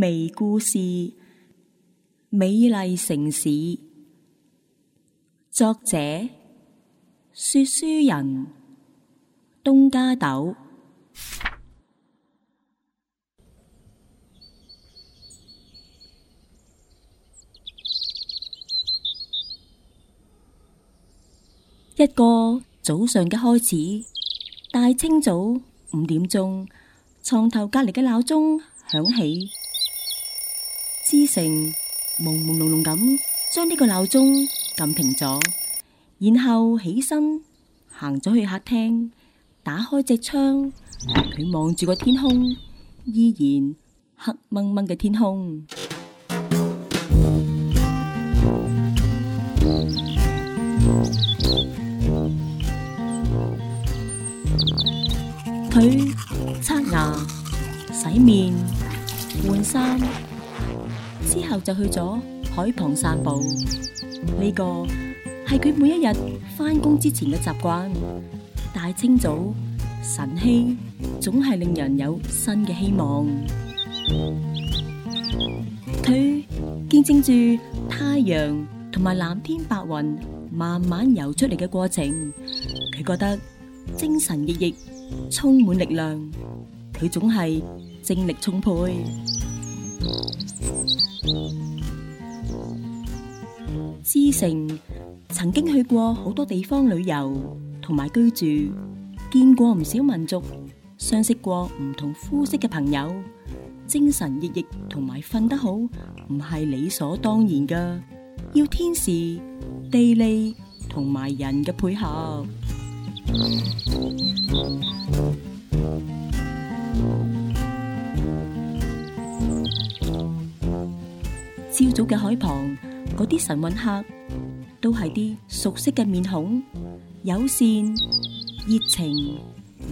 微故事《美麗城市》，作者：說書人東加豆。 一個早上嘅開始，大清早五點鐘，床頭隔籬嘅鬧鐘響起。思城朦朦朧朧咁，將呢個鬧鐘撳停咗，然後起身行咗去客廳，打開隻窗，佢望住個天空，依然黑掹掹嘅天空。佢刷牙、洗面、換衫。之後就去咗海旁散步，呢個係佢每一日返工之前嘅習慣。大清早晨曦總係令人有新嘅希望。佢見證住太陽同埋藍天白雲慢慢游出嚟嘅過程，佢覺得精神奕奕，充滿力量。佢總係精力充沛。思城曾經去過好多地方旅遊同埋居住，見過唔少民族，相識過唔同膚色嘅朋友，精神奕奕同埋瞓得好，唔係理所當然㗎，要天時、地利同埋人嘅配合。朝早嘅海旁，嗰啲晨運客都係啲熟悉嘅面孔，友善、熱情、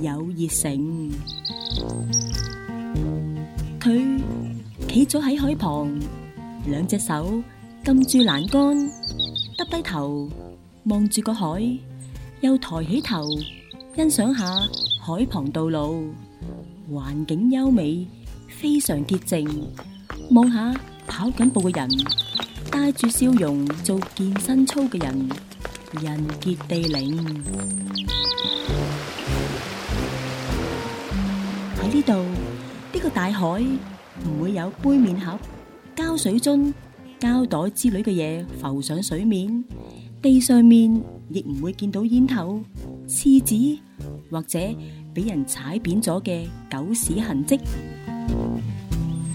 有熱誠。佢企咗喺海旁，兩隻手撳住欄杆，耷低頭望住個海，又抬起頭欣賞下海旁道路，環境優美，非常潔淨。望下跑緊步嘅人，帶住笑容做健身操嘅人，人傑地靈。喺呢度，呢個大海唔會有杯麵盒、膠水樽、膠袋之類嘅嘢浮上水面，地上面亦唔會見到煙頭、廁紙或者俾人踩扁咗嘅狗屎痕跡。